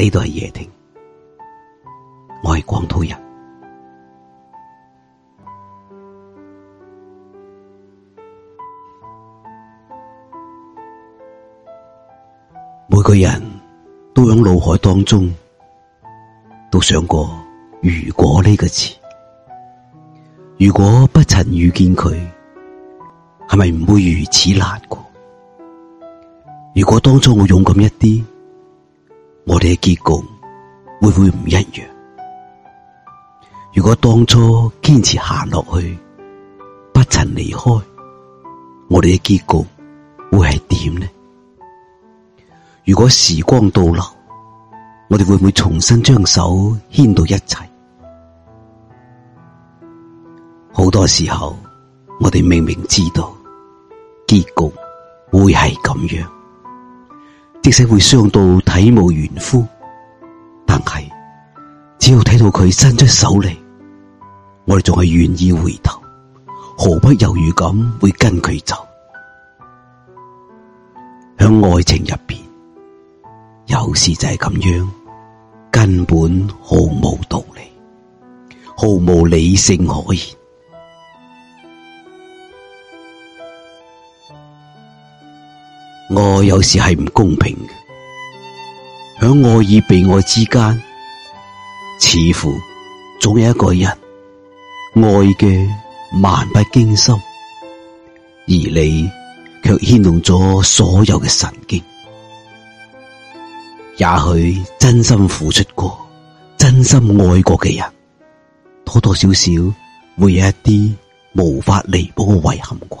呢度係夜聽，我係廣土人。每個人都響腦海當中都想過，如果呢個詞，如果不曾遇見佢，係咪唔會如此難過？如果當初我勇敢一啲，我哋嘅結局會唔會唔一樣？如果當初堅持行落去，不曾離開，我哋嘅結局會係點呢？如果時光倒流，我哋會唔會重新將手牽到一齊？好多時候，我哋明明知道結局會係咁樣。即使會傷到體無完膚，但係只要睇到佢伸出手嚟，我哋仲係願意回頭，毫不猶豫咁會跟佢走。響愛情入邊，有時就係咁樣，根本毫無道理，毫無理性可言。愛有時係唔公平嘅，喺愛與被愛之間，似乎總有一個人愛嘅漫不經心，而你卻牽動咗所有嘅神經。也許真心付出過，真心愛過嘅人，多多少少會有一啲無法彌補嘅遺憾啩。